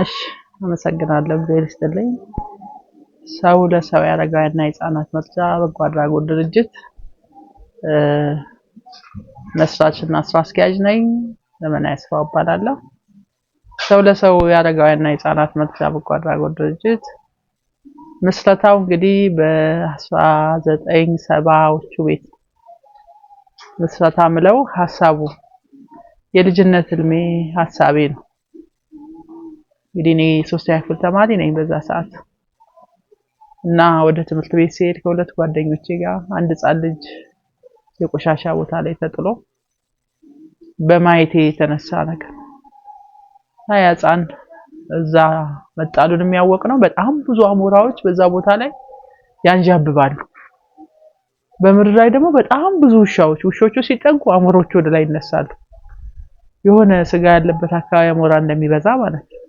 እሺ አመሰግናለሁ። እግዚአብሔር ይስጥልኝ። ሰው ለሰው የአረጋውያንና የሕፃናት መርጃ በጎ አድራጎት ድርጅት መስራችና ስራ አስኪያጅ ነኝ። ዘመናዊ አስፋው እባላለሁ። ሰው ለሰው የአረጋውያንና የሕፃናት መርጃ በጎ አድራጎት ድርጅት ምስረታው እንግዲህ በ1970ዎቹ ቤት ምስረታ ምለው ሀሳቡ የልጅነት ህልሜ ሀሳቤ ነው። እንግዲህ እኔ ሶስተኛ ክፍል ተማሪ ነኝ በዛ ሰዓት እና ወደ ትምህርት ቤት ሲሄድ ከሁለት ጓደኞቼ ጋር አንድ ህጻን ልጅ የቆሻሻ ቦታ ላይ ተጥሎ በማየቴ የተነሳ ነገር ያ ህጻን እዛ መጣሉን የሚያወቅ ነው። በጣም ብዙ አሞራዎች በዛ ቦታ ላይ ያንዣብባሉ። በምድር ላይ ደግሞ በጣም ብዙ ውሻዎች፣ ውሾቹ ሲጠጉ አሞሮቹ ወደ ላይ ይነሳሉ። የሆነ ስጋ ያለበት አካባቢ አሞራ እንደሚበዛ ማለት ነው።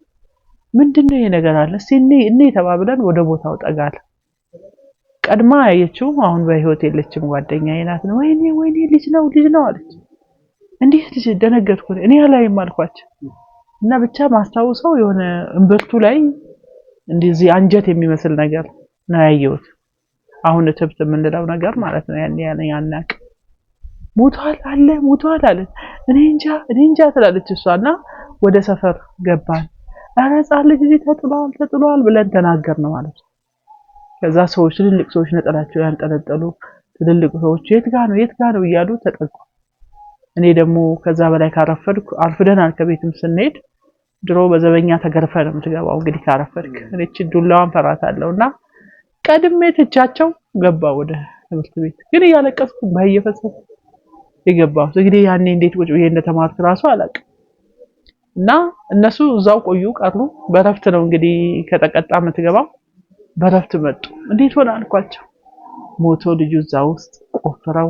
ምንድነው ይሄ ነገር አለ እስቲ እኔ ተባብለን ወደ ቦታው ጠጋል። ቀድማ ያየችው አሁን በህይወት የለችም ጓደኛዬ ናት። ነው ወይኔ ወይኔ ልጅ ነው ልጅ ነው አለች። እንዴት ልጅ ደነገጥኩ። እኔ አላይም አልኳቸው እና ብቻ ማስታውሰው የሆነ እምብርቱ ላይ እንደዚህ አንጀት የሚመስል ነገር ነው ያየሁት። አሁን እትብት የምንለው ነገር ማለት ነው። ያን ያን ያናቅ ሙቷል አለ ሙቷል አለ እኔ እንጃ እኔ እንጃ ትላለች እሷና ወደ ሰፈር ገባን። ኧረ ሕፃን ልጅ እዚህ ተጥሏል ተጥሏል ብለን ተናገርን ማለት ነው። ከዛ ሰዎች ትልልቅ ሰዎች ነጠላቸው ያንጠለጠሉ ትልልቅ ሰዎች የት ጋ ነው የት ጋ ነው እያሉ ተጠጉ። እኔ ደግሞ ከዛ በላይ ካረፈድኩ አርፍደናል። ከቤትም ስንሄድ ድሮ በዘበኛ ተገርፈ ነው የምትገባው። እንግዲህ ካረፈድክ እኔች ዱላዋን ፈራታለሁ እና ቀድሜ ትቻቸው ገባ ወደ ትምህርት ቤት ግን እያለቀስኩ ባየፈሰስ የገባሁት እንግዲህ ያኔ እንዴት ቁጭ ብዬ እንደተማርኩ ራሱ አላውቅም። እና እነሱ እዛው ቆዩ ቀሩ። በረፍት ነው እንግዲህ ከተቀጣ የምትገባው። በረፍት መጡ። እንዴት ሆነ አልኳቸው። ሞቶ ልጁ እዛ ውስጥ ቆፍረው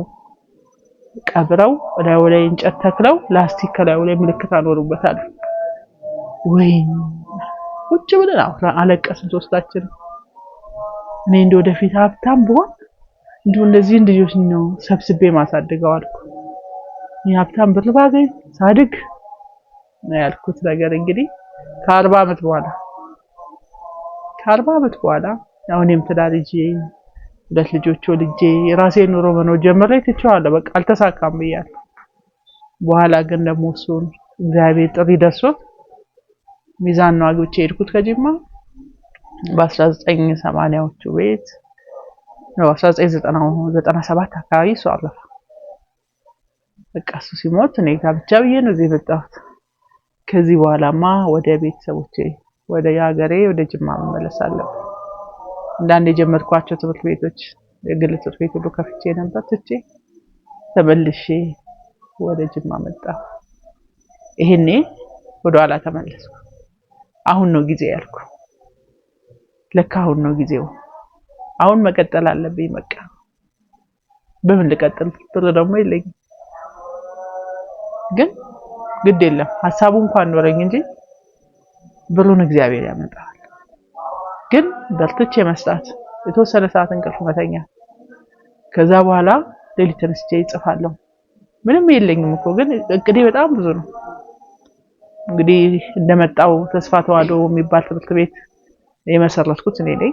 ቀብረው ላዩ ላይ እንጨት ተክለው ላስቲክ ከላዩ ላይ ምልክት አኖሩበታል። ወይ ቁጭ ብለን አለቀስን ሶስታችን። እኔ እንደ ወደፊት ሀብታም ብሆን እንዲሁ እነዚህን ልጆች ነው ሰብስቤ ማሳድገው አልኩ። እኔ ሀብታም ብር ባገኝ ሳድግ ነው ያልኩት ነገር እንግዲህ ከአርባ አመት በኋላ ከአርባ አመት በኋላ አሁን እኔም ትዳር ይዤ ሁለት ልጆች ወልጄ የራሴ ኑሮ መኖር ጀምሬ ትቼዋለሁ። በቃ አልተሳካም ብያለሁ። በኋላ ግን ደግሞ እሱን እግዚአብሔር ጥሪ ደርሶት ሚዛን ነው አግብቼ የሄድኩት ከጅማ በ1980ዎቹ ቤት ነው 1997 አካባቢ እሱ አረፈ። በቃ እሱ ሲሞት እኔ ጋር ብቻ ብዬ ነው እዚህ የመጣሁት። ከዚህ በኋላማ ወደ ቤተሰቦቼ ወደ የሀገሬ ወደ ጅማ መመለስ አለብን። አንዳንድ የጀመርኳቸው ትምህርት ቤቶች የግል ትምህርት ቤት ሁሉ ከፍቼ ነበር ትቼ ተመልሼ ወደ ጅማ መጣ። ይሄኔ ወደ ኋላ ተመለስኩ። አሁን ነው ጊዜ ያልኩ፣ ለካ አሁን ነው ጊዜው። አሁን መቀጠል አለብኝ። በቃ በምን ልቀጥል? ብር ደግሞ የለኝም ግን ግድ የለም ሀሳቡ እንኳን ኖረኝ እንጂ ብሩን እግዚአብሔር ያመጣዋል። ግን በርትቼ መስራት፣ የተወሰነ ሰዓት እንቅልፍ መተኛ፣ ከዛ በኋላ ሌሊት ተነስቼ ይጽፋለሁ። ምንም የለኝም እኮ ግን እቅዴ በጣም ብዙ ነው። እንግዲህ እንደመጣው ተስፋ ተዋህዶ የሚባል ትምህርት ቤት የመሰረትኩት እኔ ነኝ።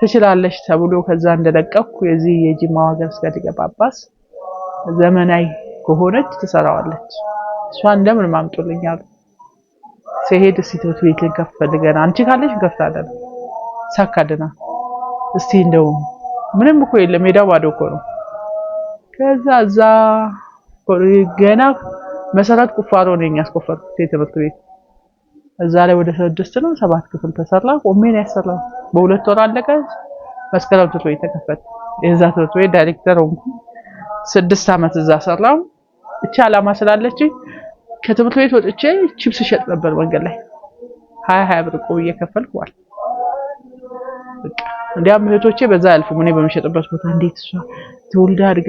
ትችላለሽ ተብሎ ከዛ እንደለቀኩ የዚህ የጂማ ሀገረ ስብከት ሊቀ ጳጳስ ዘመናዊ ከሆነች ትሰራዋለች። እሷን ለምን ማምጡልኛል? ሲሄድ እስቲ ትምህርት ቤት ልንከፍት ፈልገን አንቺ ካለሽ እንከፍታለን። ሳካደና እስቲ እንደው ምንም እኮ የለም ሜዳው ባዶ እኮ ነው። ከዛ እዛ ገና መሰረት ቁፋሮ ነው ያስቆፈርኩት የትምህርት ቤት እዛ ላይ ወደ ስድስት ነው ሰባት ክፍል ተሰራ። ቆሜ ነው ያሰራው። በሁለት ወር አለቀ። መስከረም ትምህርት ቤት ተከፈተ። የዛ ትምህርት ቤት ዳይሬክተር ሆንኩ። ስድስት ዓመት እዛ ሰራው እቺ አላማ ስላለች ከትምህርት ቤት ወጥቼ ቺፕስ እሸጥ ነበር መንገድ ላይ ሀያ ሀያ ብር ቆብ እየከፈልኩ ዋል። እንዲያም እህቶቼ በዛ አያልፉም። እኔ በምሸጥበት ቦታ እንዴት እሷ ትውልዳ አድጋ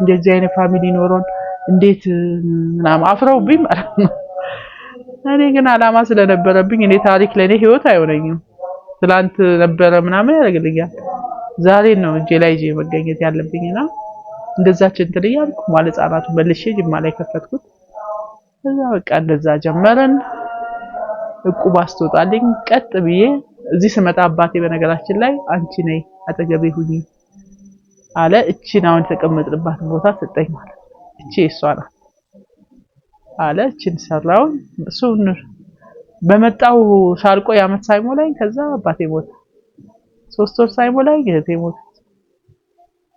እንደዚህ አይነት ፋሚሊ ኖሮን እንዴት ምናምን አፍረውብኝ ማለት ነው። እኔ ግን አላማ ስለነበረብኝ እኔ ታሪክ ለእኔ ህይወት አይሆነኝም። ትላንት ነበረ ምናምን ያደርግልኛል። ዛሬ ነው እጄ ላይ ይዤ መገኘት ያለብኝና እንደዛች እንትን እያልኩ ማለት ህጻናቱ መልሼ ጅማ ላይ ከፈትኩት። እዛ በቃ እንደዛ ጀመረን። እቁብ አስተወጣልኝ። ቀጥ ብዬ እዚህ ስመጣ አባቴ በነገራችን ላይ አንቺ ነይ አጠገቤ ሁኚ አለ። እቺን አሁን የተቀመጥንባትን ቦታ ሰጠኝ ማለት እቺ እሷ ናት አለ። እቺን ሰራውን እሱን በመጣው ሳልቆይ አመት ሳይሞላኝ ከዛ አባቴ ሞተ። ሶስት ወር ሳይሞላኝ እህቴ ሞተ።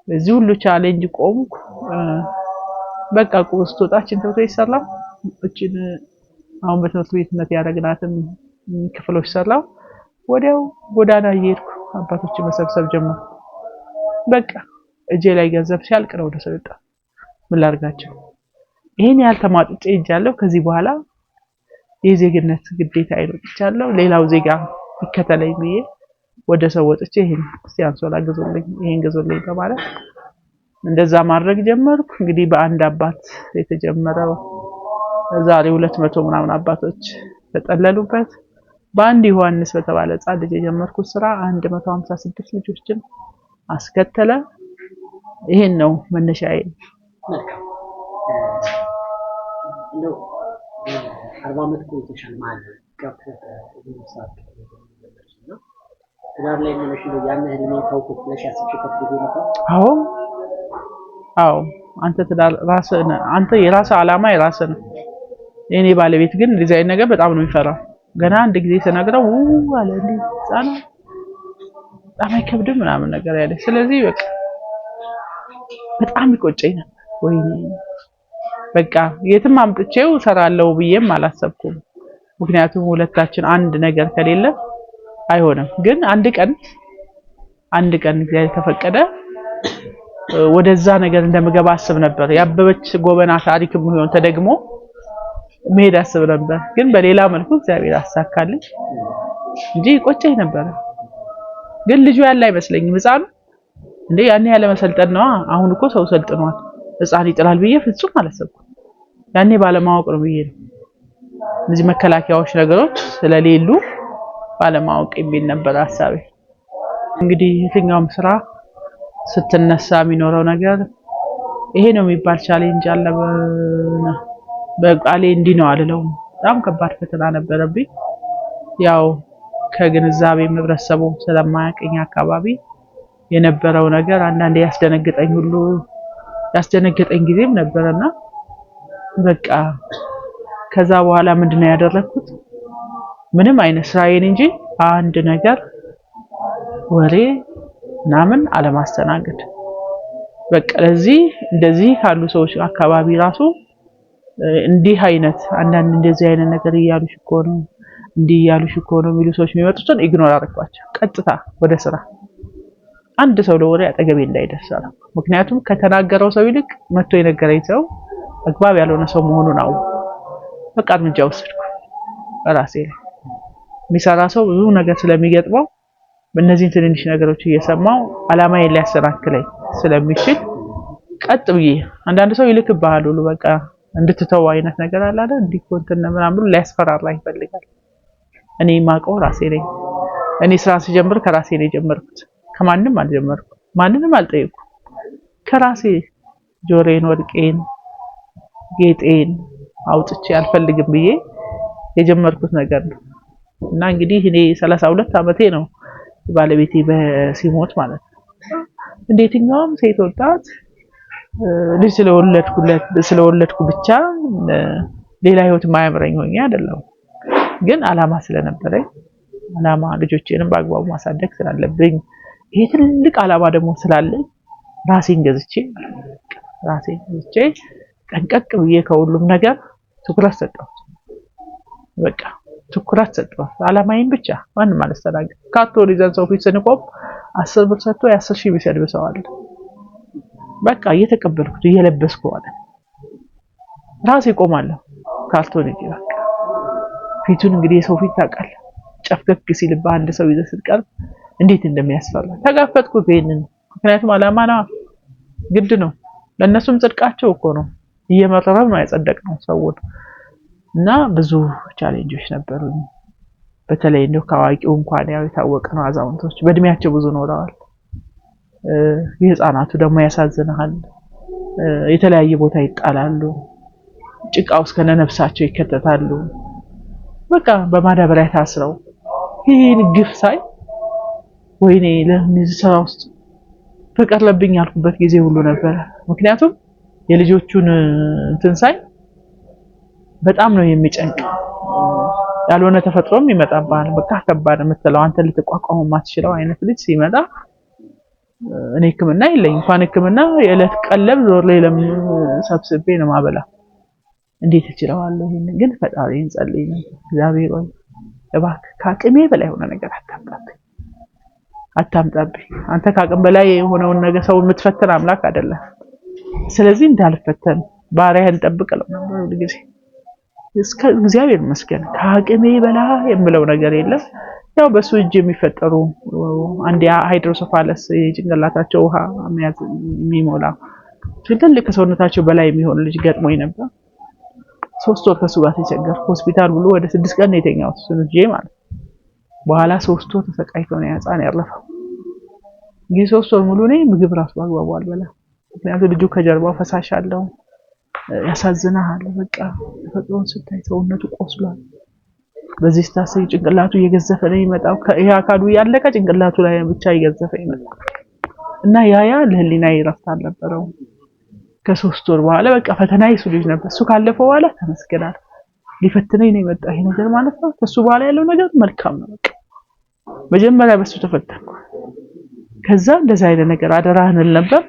በዚህ ሁሉ ቻሌንጅ ቆምኩ። በቃ ቁስ ጦጣችን ተብቶ ይሰላም እችን አሁን በትምህርት ቤትነት ያደረግናትን ክፍሎች ሰራው ወዲያው ጎዳና እየሄድኩ አባቶችን መሰብሰብ ጀመሩ። በቃ እጄ ላይ ገንዘብ ሲያልቅ ነው ወደ ሰለጣ ወጣ። ምን ላድርጋቸው? ይሄን ያህል ተሟጥጬ እጃለሁ። ከዚህ በኋላ የዜግነት ግዴታ ይኖርቻለሁ። ሌላው ዜጋ ይከተለኝ ብዬ ወደ ሰው ወጥቼ ይሄን እስቲ አንሶላ ግዙልኝ፣ ይሄን ግዙልኝ ተባለ። እንደዛ ማድረግ ጀመርኩ። እንግዲህ በአንድ አባት የተጀመረው ዛሬ ሁለት መቶ ምናምን አባቶች ተጠለሉበት። በአንድ ዮሐንስ በተባለ ህጻን ልጅ የጀመርኩት ስራ 156 ልጆችን አስከተለ። ይሄን ነው መነሻዬ። መልካም እንደው 40 ዓመት ቆይተሻል ማለት ትዳር ላይ ሆነሽ ነው ያን ብለሽ ጊዜ ነበር? አዎ አዎ። አንተ ትዳር አንተ የራስህ የራስህ ነው። የእኔ ባለቤት ግን እንደዚህ አይነት ነገር በጣም ነው የሚፈራው። ገና አንድ ጊዜ ስነግረው ው አለ በጣም አይከብድም ምናምን ነገር ያለ። ስለዚህ በቃ በጣም ይቆጨኝ ነበር። ወይኔ በቃ የትም አምጥቼው ሰራለው ብዬም አላሰብኩም። ምክንያቱም ሁለታችን አንድ ነገር ከሌለ አይሆንም። ግን አንድ ቀን አንድ ቀን እግዚአብሔር ከፈቀደ ወደዛ ነገር እንደምገባ አስብ ነበር። የአበበች ጎበና ታሪክም ሆኖ ተደግሞ መሄድ አስብ ነበር። ግን በሌላ መልኩ እግዚአብሔር አሳካልኝ እንጂ ቆጨኝ ነበረ። ግን ልጁ ያለ አይመስለኝም። ህፃኑ እንዴ ያኔ ያለ መሰልጠን ነዋ። አሁን እኮ ሰው ሰልጥኗል። ህፃን ይጥላል ብዬ ፍጹም አላሰብኩም። ያኔ ባለማወቅ ነው ብዬ ነው እነዚህ መከላከያዎች ነገሮች ስለሌሉ ባለማወቅ የሚል ነበር ሀሳቤ። እንግዲህ የትኛውም ስራ ስትነሳ የሚኖረው ነገር ይሄ ነው የሚባል ቻሌንጅ አለ። በቃሌ እንዲህ ነው አልለውም። በጣም ከባድ ፈተና ነበረብኝ። ያው ከግንዛቤ ህብረተሰቡ ስለማያቀኝ አካባቢ የነበረው ነገር አንዳንዴ ያስደነግጠኝ ሁሉ ያስደነገጠኝ ጊዜም ነበረና በቃ ከዛ በኋላ ምንድን ነው ያደረግኩት? ምንም አይነት ስራዬን እንጂ አንድ ነገር ወሬ ምናምን አለማስተናገድ። በቃ ለዚህ እንደዚህ ካሉ ሰዎች አካባቢ ራሱ እንዲህ አይነት አንዳንድ እንደዚህ አይነት ነገር እያሉሽ እኮ ነው እንዲህ እያሉሽ እኮ ነው የሚሉ ሰዎች የሚመጡትን ኢግኖር አድርጓቸው ቀጥታ ወደ ስራ። አንድ ሰው ለወሬ አጠገቤ እንዳይደርስ አለ። ምክንያቱም ከተናገረው ሰው ይልቅ መጥቶ የነገረኝ ሰው አግባብ ያልሆነ ሰው መሆኑን አው በቃ እርምጃ ወሰድኩ በራሴ ላይ። የሚሰራ ሰው ብዙ ነገር ስለሚገጥመው እነዚህን ትንንሽ ነገሮች እየሰማው አላማዬን ሊያሰናክለኝ ስለሚችል ቀጥ ብዬ አንዳንድ ሰው ይልክብሃል ሁሉ በቃ እንድትተው አይነት ነገር አለ አይደል? እንዲኮንተን ምናምን ብሎ ሊያስፈራራ ይፈልጋል። እኔ ማውቀው ራሴ ነኝ። እኔ ስራ ሲጀምር ከራሴ ነው የጀመርኩት። ከማንም አልጀመርኩ ማንንም አልጠየቁ። ከራሴ ጆሬን፣ ወርቄን፣ ጌጤን አውጥቼ አልፈልግም ብዬ የጀመርኩት ነገር ነው። እና እንግዲህ እኔ ሰላሳ ሁለት ዓመቴ ነው ባለቤቴ በሲሞት ማለት ነው። እንደ የትኛውም ሴት ወጣት ልጅ ስለወለድኩለት ስለወለድኩ ብቻ ሌላ ህይወት የማያምረኝ ሆኜ አይደለም። ግን አላማ ስለነበረኝ አላማ ልጆቼንም በአግባቡ ማሳደግ ስላለብኝ ይሄ ትልቅ አላማ ደግሞ ስላለኝ ራሴን ገዝቼ ራሴን ገዝቼ ጠንቀቅ ብዬ ከሁሉም ነገር ትኩረት ሰጠሁት በቃ ትኩረት ሰጥቷል። አላማይን ብቻ ማንም አላስተናገ ካቶ ሪዘን ሰው ፊት ስንቆም አስር ብር ሰጥቶ የአስር ሺህ ብር ያድብሰዋል። በቃ እየተቀበልኩት እየለበስኩ አለ ራሴ ቆማለሁ። ካርቶን እጅ በቃ ፊቱን እንግዲህ የሰው ፊት ታውቃለህ፣ ጨፍገግ ሲልብህ አንድ ሰው ይዘህ ስትቀርብ እንዴት እንደሚያስፈራ ተጋፈጥኩት። ይሄንን ምክንያቱም አላማ ነው፣ ግድ ነው። ለእነሱም ጽድቃቸው እኮ ነው። እየመረረም ነው ያጸደቅነው ሰውን እና ብዙ ቻሌንጆች ነበሩኝ። በተለይ እንደው ከአዋቂው እንኳን ያው የታወቀ ነው። አዛውንቶች በእድሜያቸው ብዙ ኖረዋል። የህፃናቱ ደግሞ ያሳዝንሃል። የተለያየ ቦታ ይጣላሉ፣ ጭቃ ውስጥ ከነነፍሳቸው ይከተታሉ። በቃ በማዳበሪያ ታስረው ይህን ግፍ ሳይ ወይኔ ለዚህ ስራ ውስጥ በቀረብኝ ያልኩበት ጊዜ ሁሉ ነበረ። ምክንያቱም የልጆቹን እንትን ሳይ በጣም ነው የሚጨንቅ። ያልሆነ ተፈጥሮም ይመጣባል። በቃ ከባድ የምትለው አንተ ልትቋቋሙ ማትችለው አይነት ልጅ ሲመጣ እኔ ሕክምና የለኝ እንኳን ሕክምና የዕለት ቀለብ ዞር ላይ ሰብስቤ ነው ማበላ። እንዴት እችለዋለሁ? ይሄን ግን ፈጣሪ እንጸልይ ነው። እግዚአብሔር ሆይ እባክህ ከአቅሜ በላይ የሆነ ነገር አታምጣብኝ፣ አታምጣብኝ። አንተ ከአቅም በላይ የሆነውን ነገር ሰው የምትፈትን አምላክ አይደለም። ስለዚህ እንዳልፈተን ባሪያህን ጠብቅ ነው ጊዜ እስከ እግዚአብሔር ይመስገን ከአቅሜ በላ የምለው ነገር የለም። ያው በሱ እጅ የሚፈጠሩ አንድ ሃይድሮሶፋለስ የጭንቅላታቸው ውሃ መያዝ የሚሞላ ትልልቅ ከሰውነታቸው በላይ የሚሆን ልጅ ገጥሞኝ ነበር። ሶስት ወር ከሱ ጋር ተቸገር ሆስፒታል ብሎ ወደ ስድስት ቀን ነው የተኛው እሱ ልጅ ማለት በኋላ ሶስት ወር ተሰቃይቶ ነው ያጻን ያረፈው። ይህ ሶስት ወር ሙሉ እኔ ምግብ ራሱ አግባቡ አልበላ። ምክንያቱም ልጁ ከጀርባው ፈሳሽ አለው። ያሳዝናል። በቃ ተፈጥሮን ስታይ ሰውነቱ ቆስሏል። በዚህ ስታሰይ ጭንቅላቱ እየገዘፈ ነው ይመጣው። ይሄ አካሉ ያለቀ ጭንቅላቱ ላይ ብቻ እየገዘፈ ይመጣው እና ያያ ለህሊና ይረፍት አልነበረው። ከሶስት ወር በኋላ በቃ ፈተና ይሱ ልጅ ነበር። እሱ ካለፈ በኋላ ተመስገናል። ሊፈትነኝ ነው የመጣው ይሄ ነገር ማለት ነው። ከሱ በኋላ ያለው ነገር መልካም ነው። በቃ መጀመሪያ በሱ ተፈተንኩ። ከዛ እንደዛ አይነት ነገር አደራህን ነበር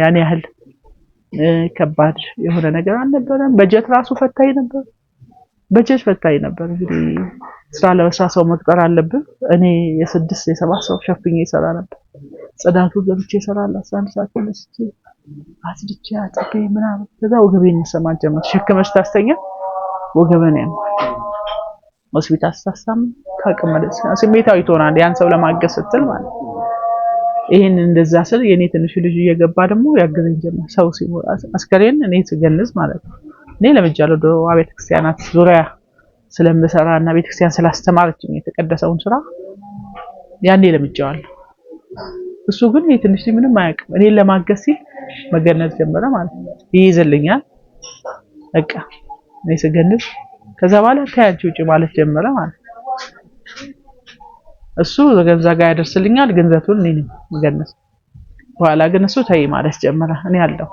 ያን ያህል ከባድ የሆነ ነገር አልነበረም። በጀት ራሱ ፈታኝ ነበር። በጀት ፈታኝ ነበር። እንግዲህ ስራ ለመስራ ሰው መቅጠር አለብን። እኔ የስድስት የሰባት ሰው ሸፍኜ ይሰራ ነበር። ጽዳቱ ገብቼ ይሰራል። አስራ አንድ ሰዓት ተነስቼ አስድቼ አጥቤ ምናምን፣ ከዛ ወገቤን መሰማት ጀመር። ሸክመሽ ታስተኛ ወገበን ያ ሆስፒታል ስታሳም ከአቅም ስሜታዊ ትሆናለህ። ያን ሰው ለማገዝ ስትል ማለት ነው ይሄንን እንደዛ ስል የኔ ትንሹ ልጅ እየገባ ደግሞ ያግዘኝ ጀመር። ሰው ሲሞራ አስከሬን እኔ ስገንዝ ማለት ነው። እኔ ለምጃለሁ ዶዋ ቤተክርስቲያናት ዙሪያ ስለምሰራ እና ቤተክርስቲያን ስላስተማረች የተቀደሰውን ስራ ያኔ ለምጃዋለሁ። እሱ ግን ይሄ ትንሽ ምንም አያውቅም። እኔን ለማገዝ ሲል መገነዝ ጀመረ ማለት ነው። ይይዝልኛል በቃ እኔ ስገንዝ ከዛ በኋላ ከያንቺ ውጪ ማለት ጀመረ ማለት እሱ ገዛ ጋር ያደርስልኛል፣ ገንዘቱን እኔ ነው መገነስ። በኋላ ግን እሱ ተይ ማለት ጀመረ። እኔ ያለው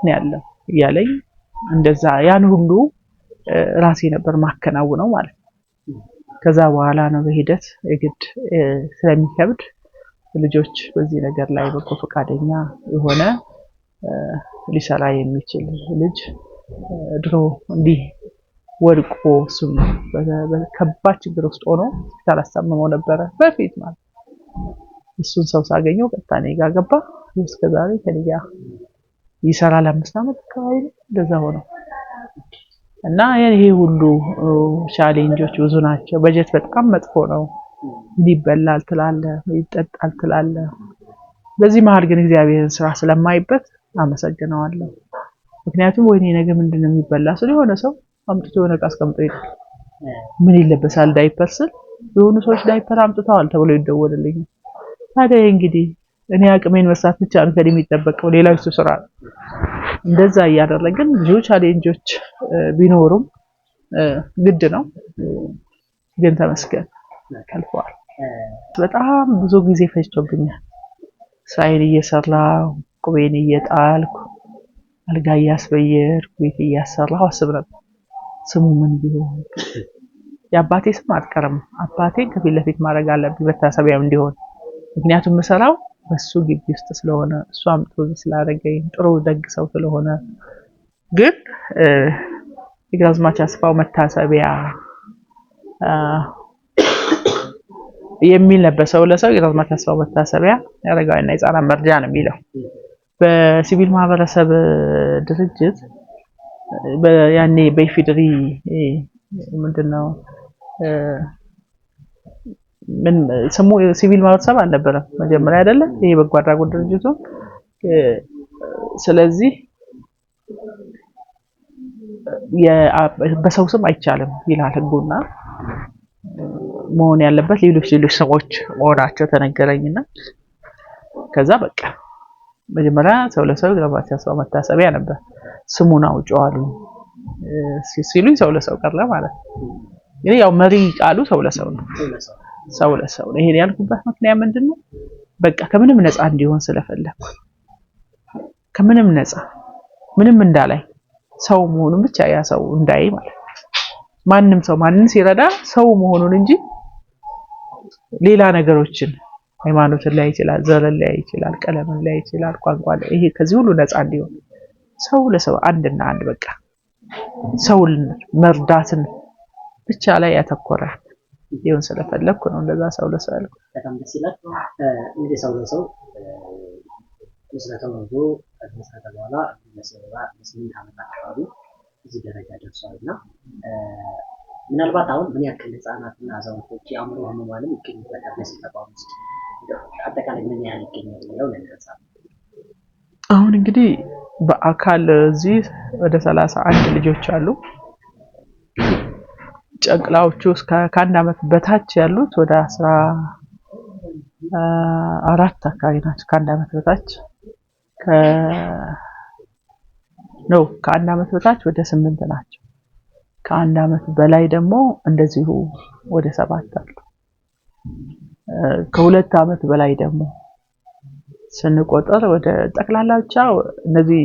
እኔ ያለው እያለኝ እንደዛ ያን ሁሉ ራሴ ነበር ማከናውነው ማለት ነው። ከዛ በኋላ ነው በሂደት የግድ ስለሚከብድ ልጆች በዚህ ነገር ላይ በጎ ፈቃደኛ የሆነ ሊሰራ የሚችል ልጅ ድሮ እንዲህ ወድቆ ስም ከባድ ችግር ውስጥ ሆኖ ሆስፒታል አሳምመው ነበረ በፊት ማለት እሱን ሰው ሳገኘው ቀጥታ እኔ ጋር ገባ። እስከ ዛሬ ከኔ ጋር ይሰራል አምስት ዓመት አካባቢ እንደዛ እና ይሄ ሁሉ ቻሌንጆች ብዙ ናቸው። በጀት በጣም መጥፎ ነው። ምን ይበላል ትላለ፣ ይጠጣል ትላለ። በዚህ መሀል ግን እግዚአብሔርን ስራ ስለማይበት አመሰግነዋለሁ። ምክንያቱም ወይኔ ነገ ምንድን ነው የሚበላ ስለሆነ ሰው አምጥቶ የሆነ እቃ አስቀምጦ ይሄዳል። ምን ይለበሳል? ዳይፐር ስል የሆኑ ሰዎች ዳይፐር አምጥተዋል ተብሎ ይደወልልኛል። ታዲያ እንግዲህ እኔ አቅሜን መስራት ብቻ ነው ከእኔ የሚጠበቀው፣ ሌላው እሱ ስራ ነው። እንደዛ እያደረግን ብዙ ቻሌንጆች ቢኖሩም ግድ ነው። ግን ተመስገን ከልፈዋል። በጣም ብዙ ጊዜ ፈጅቶብኛል። ሳይን እየሰራሁ ቁቤን እየጣልኩ አልጋ እያስበየርኩ ቤት እያሰራሁ አስብ ነበር። ስሙ ምን ቢሆን የአባቴ ስም አትቀርም። አባቴ ከፊት ለፊት ማድረግ አለብኝ መታሰቢያም እንዲሆን። ምክንያቱም ምሰራው በሱ ግቢ ውስጥ ስለሆነ እሱ አምጥቶ ስላደረገኝ ጥሩ ደግ ሰው ስለሆነ ግን የግራዝማች አስፋው መታሰቢያ የሚል ነበር። ሰው ለሰው የግራዝማች አስፋው መታሰቢያ የአረጋውያንና የሕፃናት መርጃ ነው የሚለው በሲቪል ማህበረሰብ ድርጅት ያኔ በኢፌድሪ ምንድን ነው ምን ስሙ ሲቪል ማህበረሰብ አልነበረም መጀመሪያ አይደለም ይሄ በጎ አድራጎት ድርጅቱ። ስለዚህ በሰው ስም አይቻልም ይላል ህጉና መሆን ያለበት ሌሎች ሌሎች ሰዎች መሆናቸው ተነገረኝና ከዛ በቃ መጀመሪያ ሰው ለሰው ግንባር መታሰቢያ ነበር። ስሙን አውጪው ሲሉኝ ሰው ለሰው ቀረ ማለት ነው። ያው መሪ ቃሉ ሰው ለሰው ነው። ሰው ለሰው ነው። ይሄን ያልኩበት ምክንያት ምንድን ነው? በቃ ከምንም ነፃ እንዲሆን ስለፈለኩ ከምንም ነፃ ምንም እንዳላይ ሰው መሆኑን ብቻ ያ ሰው እንዳይ ማለት ነው። ማንም ሰው ማንን ሲረዳ ሰው መሆኑን እንጂ ሌላ ነገሮችን ሃይማኖትን ላይ ይችላል፣ ዘርን ላይ ይችላል፣ ቀለምን ላይ ይችላል፣ ቋንቋ ላይ ይሄ ከዚህ ሁሉ ነፃ እንዲሆን ሰው ለሰው አንድና አንድ በቃ ሰውን መርዳትን ብቻ ላይ ያተኮረ ይሁን ስለፈለግኩ ነው እንደዛ ሰው ለሰው ያልኩት። በጣም ደስ ይላል። እንግዲህ ሰው ለሰው ምስረተው ነው ከመስረተ በኋላ ለስምንት ዓመት አካባቢ እዚህ ደረጃ ደርሷልና ምናልባት አሁን ምን ያክል ህጻናትና አዛውንቶች የአእምሮ ህሙማንም ይገኙበታል በዚህ ተቋም ውስጥ አጠቃላይ ምን ያህል ይገኛል የሚለው ነገር አሁን እንግዲህ በአካል እዚህ ወደ ሰላሳ አንድ ልጆች አሉ። ጨቅላዎቹ እስከ ከአንድ አመት በታች ያሉት ወደ አስራ አራት አካባቢ ናቸው። ከአንድ አመት በታች ነው ከአንድ አመት በታች ወደ ስምንት ናቸው። ከአንድ አመት በላይ ደግሞ እንደዚሁ ወደ ሰባት አሉ። ከሁለት አመት በላይ ደግሞ ስንቆጠር ወደ ጠቅላላ ብቻ እነዚህ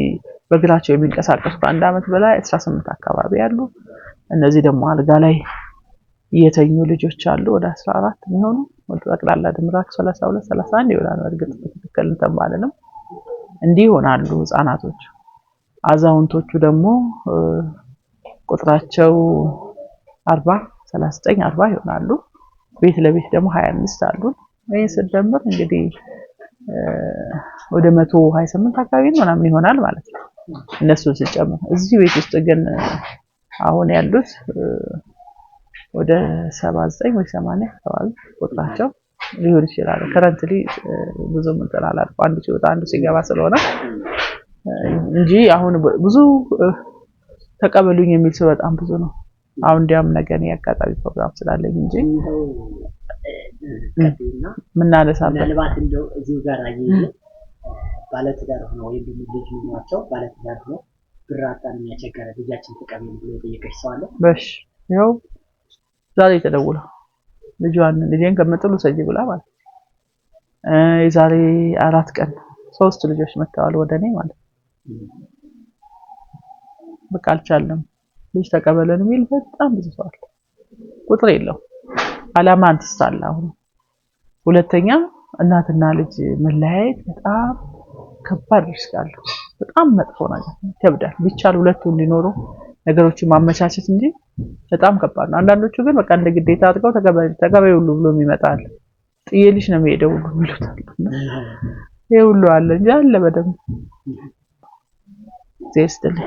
በእግራቸው የሚንቀሳቀሱ ከአንድ ዓመት በላይ 18 አካባቢ አሉ። እነዚህ ደግሞ አልጋ ላይ የተኙ ልጆች አሉ ወደ 14 የሚሆኑ ጠቅላላ ድምራክ 32 31 ይሆናል። እርግጥ በትክክል እንትን ባልንም እንዲህ ይሆናሉ ህጻናቶች። አዛውንቶቹ ደግሞ ቁጥራቸው 40 39 40 ይሆናሉ። ቤት ለቤት ደግሞ 25 አሉ። ይህን ስንደምር እንግዲህ ወደ መቶ ሀያ ስምንት አካባቢ ምናምን ይሆናል ማለት ነው። እነሱን ስጨምር እዚህ ቤት ውስጥ ግን አሁን ያሉት ወደ ሰባ ዘጠኝ ወይ ሰማንያ አካባቢ ቁጥራቸው ሊሆን ይችላል። ከረንትሊ ብዙ እንትን አላልኩም አንዱ ሲወጣ አንዱ ሲገባ ስለሆነ እንጂ አሁን ብዙ ተቀበሉኝ የሚል ሰው በጣም ብዙ ነው። አሁን እንዲያውም ነገ እኔ አጋጣሚ ፕሮግራም ስላለኝ እንጂ ቀጤና ምናነሳበት ምናልባት እንደው እዚሁ ጋር አየህ ባለትዳር ወይም ደግሞ ልጅ ኖሯቸው ባለትዳር ብር አጣን የሚያቸገረ ልጃችን ተቀበል ብሎ የጠየቀች ሰው አለ። በሽ ይኸው ዛሬ ተደውለው ልጇን ልጄን ከምጥሉ ሰጂ ብላ ማለት የዛሬ አራት ቀን ሶስት ልጆች መጥተዋል ወደ እኔ ማለት በቃ አልቻለም ልጅ ተቀበለን የሚል በጣም ብዙ ሰው አለ። ቁጥር የለውም። አላማ ትሳል። አሁን ሁለተኛ እናትና ልጅ መለያየት በጣም ከባድ ይስቃሉ። በጣም መጥፎ ነገር ይከብዳል። ቢቻል ሁለቱ እንዲኖሩ ነገሮችን ማመቻቸት እንጂ በጣም ከባድ ነው። አንዳንዶቹ ግን በቃ እንደ ግዴታ አድርገው ተገበይ ሁሉ ብሎ የሚመጣል ጥየልሽ ነው የሚሄደው ሁሉ ይሉታል። ይሄ ሁሉ አለ እንጂ አለ በደንብ ዜስትልኝ